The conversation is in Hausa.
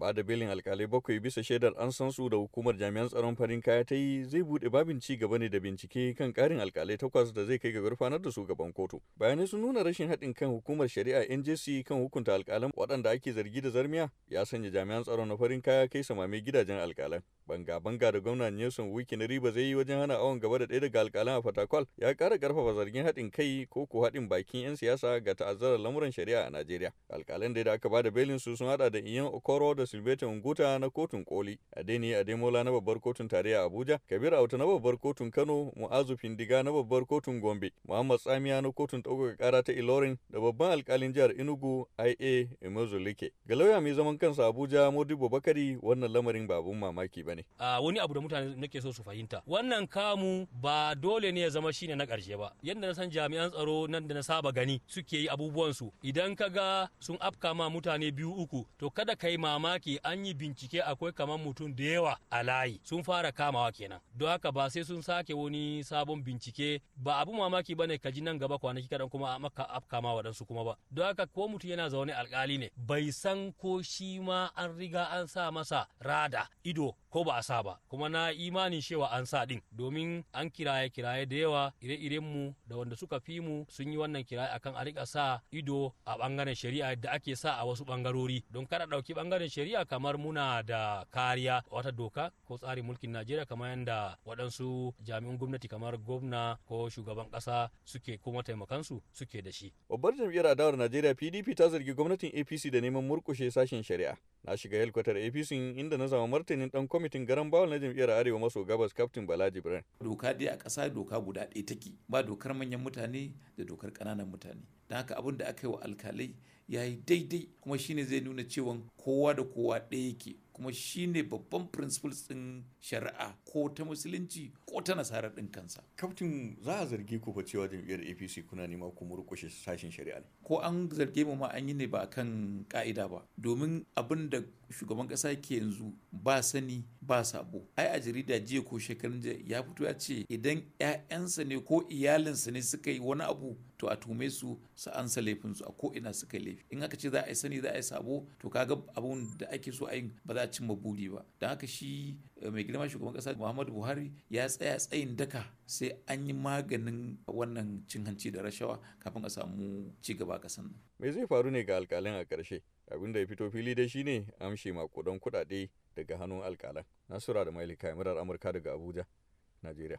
ba da belin alkalai bakwai bisa shaidar an san su da hukumar jami'an tsaron farin kaya ta yi zai bude babin ci gaba ne da bincike kan karin alkalai takwas da zai kai ga gurfanar da su gaban kotu bayanai sun nuna rashin haɗin kan hukumar shari'a njc kan hukunta alkalan waɗanda ake zargi da zarmiya ya sanya jami'an tsaron na farin kaya kai samame gidajen alkalan banga-banga da gwamnan Nelson Wiki na riba zai yi wajen hana awon gaba da ɗaya daga alƙalan a Fatakwal ya kara ƙarfafa zargin haɗin kai ko ko haɗin bakin 'yan siyasa ga ta'azzarar lamuran shari'a a Najeriya. Alƙalan da aka ba da belin su sun hada da Iyan Okoro da Silveta Nguta na kotun koli, Adeni Ademola na babbar kotun tarayya Abuja, Kabir Auta na babbar kotun Kano, Mu'azu Findiga na babbar kotun Gombe, Muhammad Tsamiya na kotun ɗaukaka kara ta Ilorin da babban alƙalin jihar Enugu IA Emezulike. Ga lauya mai zaman kansa Abuja Modibo Bakari wannan lamarin babun mamaki ba ne. ne a ah, wani abu da mutane nake so su fahimta wannan kamu ba dole ne ya zama shine na karshe ba yadda na san jami'an tsaro nan da na saba gani suke yi abubuwan su idan ka ga sun afka ma mutane biyu uku to kada kai mamaki an yi bincike akwai kamar mutum da yawa a layi sun fara kamawa kenan don haka ba sai sun sake wani sabon bincike ba abu mamaki bane ka ji nan gaba kwanaki kadan kuma a maka afka ma waɗansu kuma ba don haka ko mutum yana zaune alkali ne bai san ko shi ma an riga an sa masa rada ido ko ba a sa ba kuma na imanin cewa an sa din domin an kiraye kiraye da yawa ire-iren mu da wanda suka fi mu sun yi wannan kiraye akan a rika sa ido a bangaren shari'a da ake sa a wasu bangarori don kada dauki bangaren shari'a kamar muna da kariya wata doka ko tsarin mulkin Najeriya kamar yadda waɗansu jami'an gwamnati kamar gwamna ko shugaban ƙasa suke kuma taimakansu suke da shi. Babbar jam'iyyar adawar Najeriya PDP ta zargi gwamnatin APC da neman murkushe sashen shari'a. Na shiga helkwatar APC inda na zama martanin ɗan kwamitin garan bawal na jam'iyyar arewa maso gabas kaftin bala jibran doka dai a ƙasa doka guda ɗaya take ba dokar manyan mutane da dokar ƙananan mutane don haka abin da aka yi wa alkalai ya yi daidai kuma shine zai nuna cewa kowa da kowa ɗaya yake kuma shine babban principles din shari'a ko ta musulunci ko ta nasarar din kansa kaftin za a zarge ku fa cewa jam'iyyar APC kuna nema ku murƙushe sashen shari'a ne ko an zarge mu ma an yi ne ba kan ka'ida ba domin abin da shugaban ƙasa ke yanzu ba sani ba sabo ai a jarida jiya ko shekarun jiya ya fito ya ce idan 'ya'yansa ne ko iyalinsa ne suka yi wani abu to a tume su su ansa laifinsu a ko ina suka yi laifi in aka ce za a yi sani za a yi sabo to kaga abun da ake so a yi ba za a cimma buri ba don haka shi eh, mai girma shugaban kasa muhammadu buhari ya tsaya tsayin daka sai an yi maganin wannan cin hanci da rashawa kafin a samu ci gaba a ƙasar nan. Me zai faru ne ga alkalin a ƙarshe? Abin da ya fito fili da dai shine amshi makudan kuɗaɗe daga hannun alkalan. Nasura da Maili Kamirar Amurka daga Abuja, Najeriya.